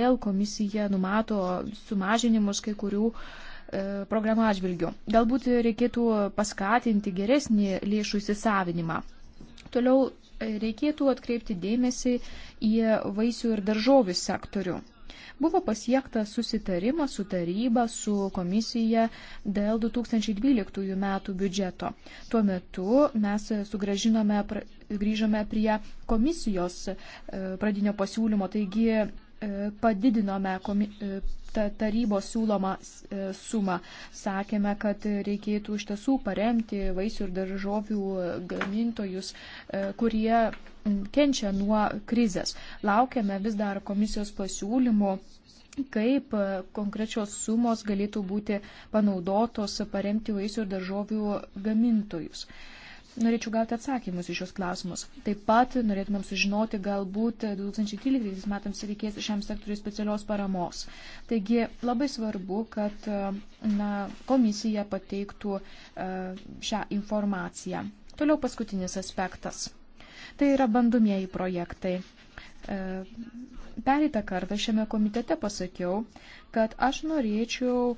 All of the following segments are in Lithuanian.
Vėl komisija numato sumažinimus kai kurių e, programų atžvilgių. Galbūt reikėtų paskatinti geresnį lėšų įsisavinimą. Toliau e, reikėtų atkreipti dėmesį į vaisių ir daržovių sektorių. Buvo pasiektas susitarimas su taryba, su komisija dėl 2012 metų biudžeto. Tuo metu mes sugražinome, grįžome prie komisijos e, pradinio pasiūlymo, taigi E, padidinome e, tarybos siūlomą e, sumą. Sakėme, kad reikėtų iš tiesų paremti vaisių ir daržovių gamintojus, kurie kenčia nuo krizės. Laukiame vis dar komisijos pasiūlymų kaip konkrečios sumos galėtų būti panaudotos paremti vaisių ir daržovių gamintojus. E, norėčiau gauti atsakymus iš šios klausimus. Taip pat norėtumėm sužinoti, galbūt 2013 e, metams reikės šiam sektoriui specialios paramos. Taigi labai svarbu, kad e, na, komisija pateiktų e, šią informaciją. Toliau paskutinis aspektas. Tai yra bandomieji projektai. Pereitą kartą šiame komitete pasakiau, kad aš norėčiau,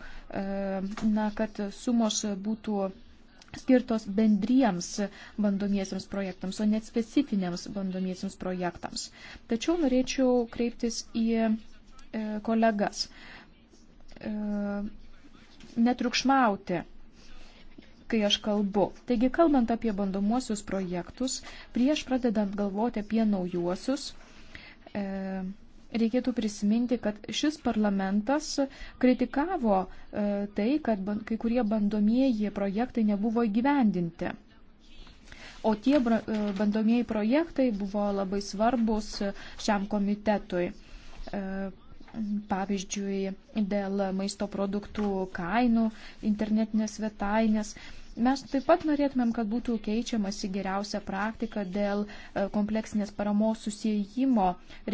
na, kad sumos būtų skirtos bendriems bandomiesiams projektams, o net specifiniams bandomiesiams projektams. Tačiau norėčiau kreiptis į e, kolegas. E, netrukšmauti, kai aš kalbu. Taigi, kalbant apie bandomuosius projektus, prieš pradedant galvoti apie naujuosius, e, reikėtų prisiminti, kad šis parlamentas kritikavo e, tai, kad kai kurie bandomieji projektai nebuvo įgyvendinti. O tie e, bandomieji projektai buvo labai svarbus šiam komitetui. E, pavyzdžiui, dėl maisto produktų kainų internetinės svetainės. Mes taip pat norėtumėm, kad būtų keičiamasi geriausia praktika dėl e, kompleksinės paramos susijimo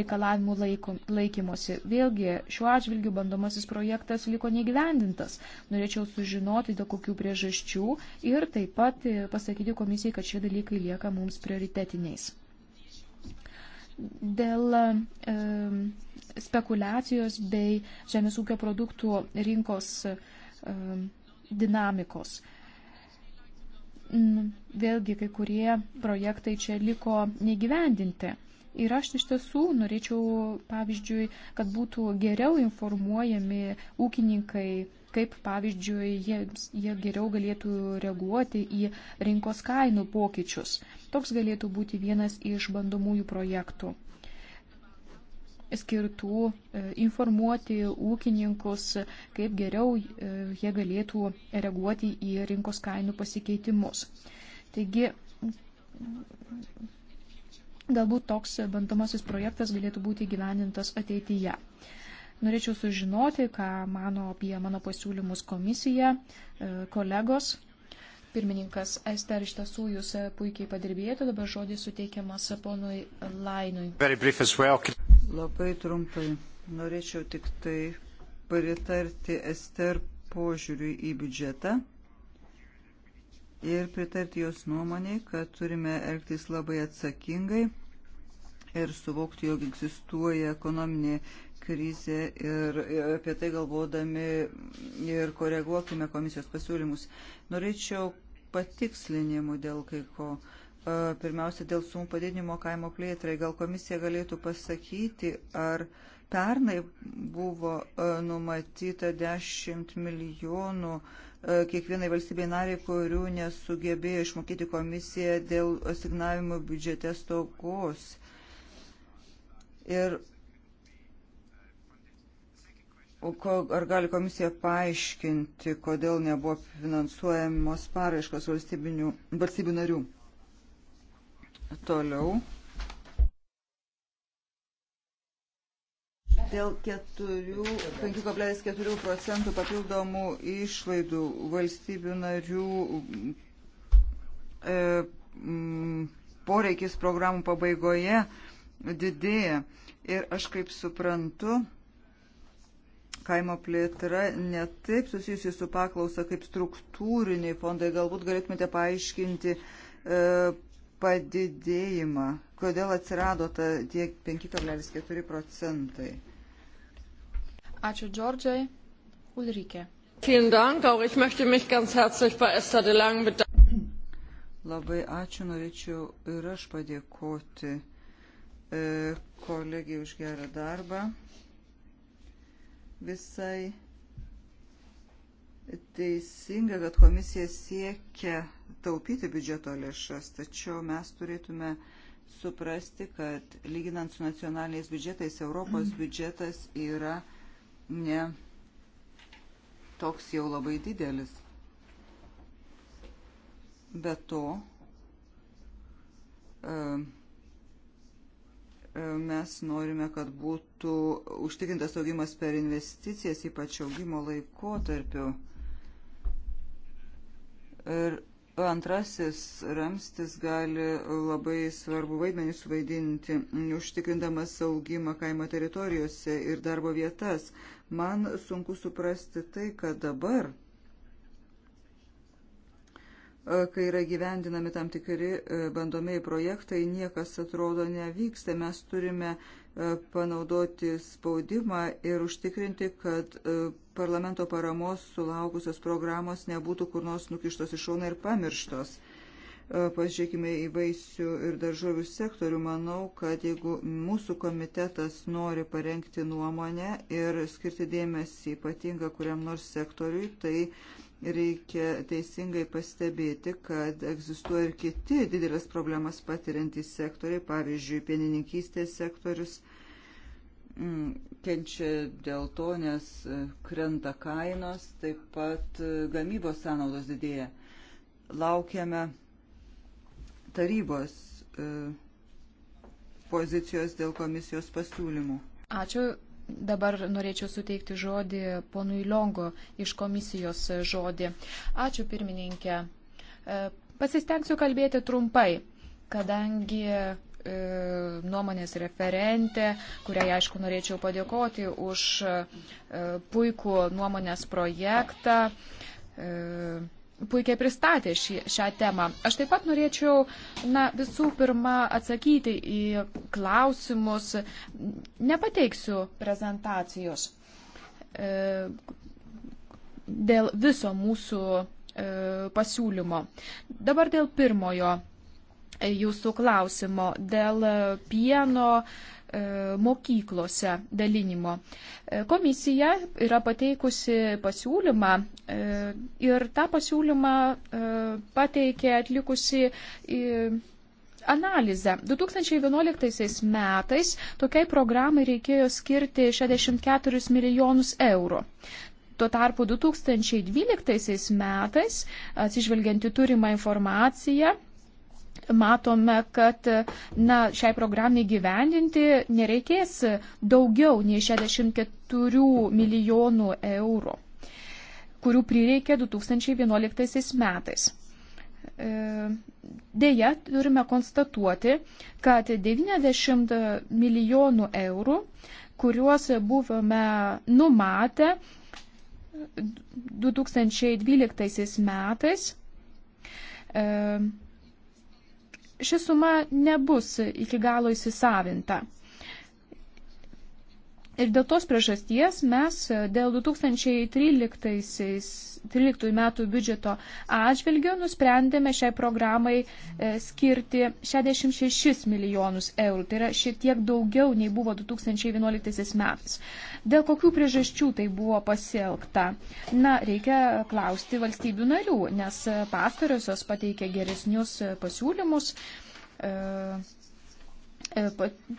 reikalavimų laiko, laikymosi. Vėlgi, šiuo atžvilgiu bandomasis projektas liko negyvendintas. Norėčiau sužinoti, dėl kokių priežasčių ir taip pat e, pasakyti komisijai, kad šie dalykai lieka mums prioritetiniais. Dėl e, spekulacijos bei žemės ūkio produktų rinkos e, dinamikos. E, Nu, vėlgi kai kurie projektai čia liko negyvendinti. Ir aš iš tiesų norėčiau, pavyzdžiui, kad būtų geriau informuojami ūkininkai, kaip, pavyzdžiui, jie, jie geriau galėtų reaguoti į rinkos kainų pokyčius. Toks galėtų būti vienas iš bandomųjų projektų skirtų e, informuoti ūkininkus, kaip geriau e, jie galėtų reaguoti į rinkos kainų pasikeitimus. Taigi, galbūt toks bandomasis projektas galėtų būti gyvenintas ateityje. Norėčiau sužinoti, ką mano apie mano pasiūlymus komisija, e, kolegos. Pirmininkas Ester, iš tiesų jūs puikiai padirbėjote, dabar žodis suteikiamas ponui Lainui. Well. Labai trumpai. Norėčiau tik tai pritarti Ester požiūriui į biudžetą ir pritarti jos nuomonėj, kad turime elgtis labai atsakingai ir suvokti, jog egzistuoja ekonominė krizė ir apie tai galvodami ir koreguokime komisijos pasiūlymus. Norėčiau patikslinimų dėl kai ko. Uh, pirmiausia dėl sumų padidinimo kaimo plėtrai. Gal komisija galėtų pasakyti, ar pernai buvo numatyta 10 milijonų kiekvienai valstybei nariai, kurių nesugebėjo išmokyti komisija dėl asignavimo biudžete stokos. Ir Ar gali komisija paaiškinti, kodėl nebuvo finansuojamos paraiškos valstybių narių? Toliau. Dėl 5,4 procentų papildomų išlaidų valstybių narių e, m, poreikis programų pabaigoje didėja. Ir aš kaip suprantu, kaimo plėtra netaip susijusi su paklausa kaip struktūriniai fondai. Galbūt galėtumėte paaiškinti e, padidėjimą. Kodėl atsirado ta tie 5,4 procentai? Ačiū Džordžiai. Ulrike. Vielen Dank, auch ich möchte mich ganz herzlich bei Esther de Lang bedanken. Labai ačiū, norėčiau ir aš padėkoti e, kolegijai už gerą darbą. Visai teisinga, kad komisija siekia taupyti biudžeto lėšas, tačiau mes turėtume suprasti, kad lyginant su nacionaliniais biudžetais, Europos mhm. biudžetas yra ne toks jau labai didelis. Be to, e, e, mes norime, kad būtų užtikrintas augimas per investicijas, ypač augimo laikotarpiu. Ir Antrasis ramstis gali labai svarbu vaidmenį suvaidinti, užtikrindamas augimą kaimo teritorijose ir darbo vietas. Man sunku suprasti tai, kad dabar, e, kai yra gyvendinami tam tikri e, bandomieji projektai, niekas atrodo nevyksta. Mes turime uh, E, panaudoti spaudimą ir užtikrinti, kad e, parlamento paramos sulaukusios programos nebūtų kur nors nukištos į šoną ir pamirštos. E, pažiūrėkime į vaisių ir daržovių sektorių. Manau, kad jeigu mūsų komitetas nori parengti nuomonę ir skirti dėmesį ypatingą kuriam nors sektoriui, tai reikia teisingai pastebėti, kad egzistuoja ir kiti didelės problemas patiriantys sektoriai, pavyzdžiui, pienininkystės sektorius mm, kenčia dėl to, nes krenta kainos, taip pat gamybos sąnaudos didėja. Laukiame tarybos e, pozicijos dėl komisijos pasiūlymų. Ačiū Dabar norėčiau suteikti žodį ponui Longo iš komisijos žodį. Ačiū pirmininkė. E, pasistengsiu kalbėti trumpai, kadangi e, nuomonės referentė, kuriai aišku norėčiau padėkoti už e, puikų nuomonės projektą puikiai pristatė šį, šią temą. Aš taip pat norėčiau na, visų pirma atsakyti į klausimus. Nepateiksiu prezentacijos e, dėl viso mūsų e, pasiūlymo. Dabar dėl pirmojo e, jūsų klausimo, dėl e, pieno. E, E, mokyklose dalinimo. E, komisija yra pateikusi pasiūlymą e, ir tą pasiūlymą pateikė atlikusi analizę. 2011 metais tokiai programai reikėjo skirti 64 milijonus eurų. Tuo tarpu 2012 metais, atsižvelgianti turimą informaciją, matome, kad na, šiai programai gyvendinti nereikės daugiau nei 64 milijonų eurų, kurių prireikė 2011 metais. E, Deja, turime konstatuoti, kad 90 milijonų eurų, kuriuos buvome numatę 2012 metais, e, ši suma nebus iki galo įsisavinta. Ir dėl tos priežasties mes dėl 2013 2013 metų biudžeto atžvilgiu nusprendėme šiai programai e, skirti 66 milijonus eurų. Tai yra šiek tiek daugiau nei buvo 2011 metais. Dėl kokių priežasčių tai buvo pasielgta? Na, reikia klausti valstybių narių, nes pastoriosios pateikė geresnius e, pasiūlymus. E, E,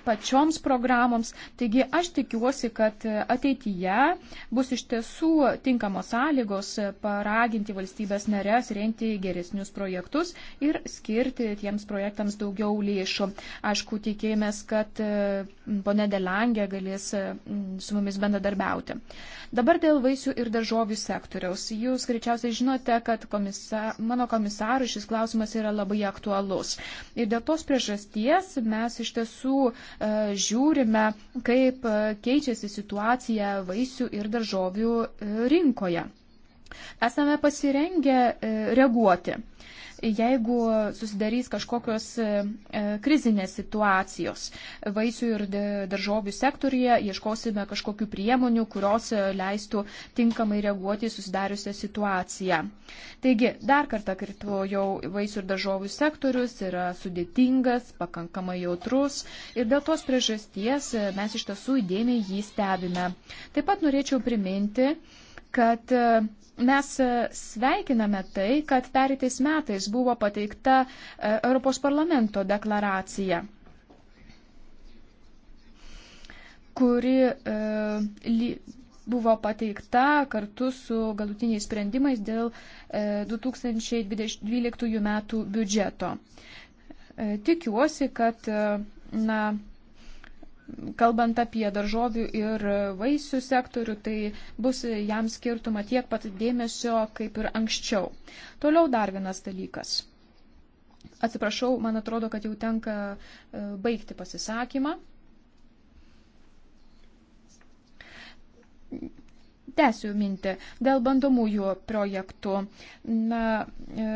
pačioms programoms. Taigi aš tikiuosi, kad e, ateityje bus iš tiesų tinkamos sąlygos e, paraginti valstybės narės rengti geresnius projektus ir skirti tiems projektams daugiau lėšų. Aišku, tikėjomės, kad ponė Delangė galės su mumis bendradarbiauti. Dabar dėl vaisių ir daržovių sektoriaus. Jūs greičiausiai žinote, kad komisa, mano komisarui šis klausimas yra labai aktualus. Ir dėl tos priežasties mes iš tiesų tiesų e, žiūrime, kaip e, keičiasi situacija vaisių ir daržovių e, rinkoje. Esame pasirengę reaguoti jeigu susidarys kažkokios e, e, krizinės situacijos. Vaisių ir daržovių sektorija ieškosime kažkokių priemonių, kurios e, leistų tinkamai reaguoti į susidariusią situaciją. Taigi, dar kartą kartuojau, vaisių ir daržovių sektorius yra sudėtingas, pakankamai jautrus ir dėl tos priežasties mes iš tiesų įdėmiai jį stebime. Taip pat norėčiau priminti, kad e, mes e, sveikiname tai, kad pereitais metais buvo pateikta e, Europos parlamento deklaracija, kuri buvo pateikta kartu su galutiniais sprendimais dėl 2012 metų biudžeto. Tikiuosi, kad na, kalbant apie daržovių ir vaisių sektorių, tai bus jam skirtuma tiek pat dėmesio kaip ir anksčiau. Toliau dar vienas dalykas. Atsiprašau, man atrodo, kad jau tenka e, baigti pasisakymą. Tęsiu mintį dėl bandomųjų projektų. Na, e,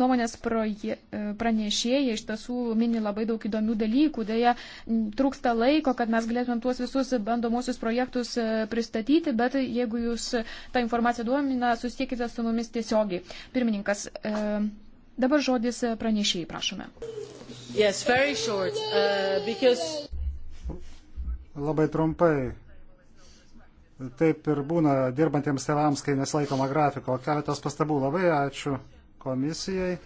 nuomonės proje, e, pranešėjai iš tiesų mini labai daug įdomių dalykų, dėja trūksta laiko, kad mes galėtumėm tuos visus bandomosius projektus e, pristatyti, bet jeigu jūs tą informaciją duomina, susiekite su mumis tiesiogiai. Pirmininkas, e, dabar žodis pranešėjai, prašome. Yes, short, uh, because... Labai trumpai, taip ir būna dirbantiems tevams, kai nesilaikoma grafiko. Keletas pastabų labai ačiū komisijai.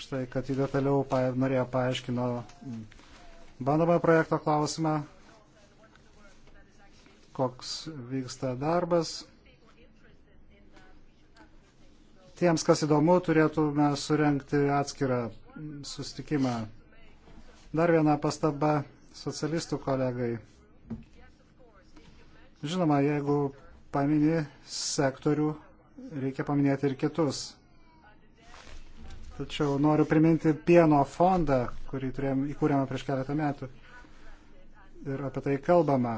Štai, kad jį detaliau pa, norėjo paaiškino bandomą projekto klausimą, koks vyksta darbas. Tiems, kas įdomu, turėtume surenkti atskirą sustikimą. Dar viena pastaba socialistų kolegai. Žinoma, jeigu paminė sektorių, reikia paminėti ir kitus. Tačiau noriu priminti pieno fondą, kurį turėjom, įkūrėme prieš keletą metų. Ir apie tai kalbama.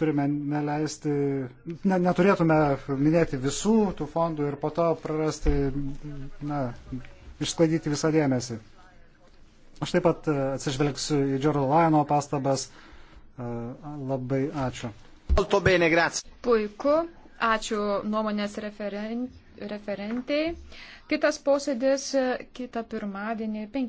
Turime neleisti, ne, neturėtume minėti visų tų fondų ir po to prarasti, na, išsklaidyti visą dėmesį. Aš taip pat e, atsižvelgsiu į Džordano Liono pastabas, uh, Labai ačiū. Puiku, ačiū nuomonės referen, referentai. Kitas posėdis e, kitą pirmadienį 15.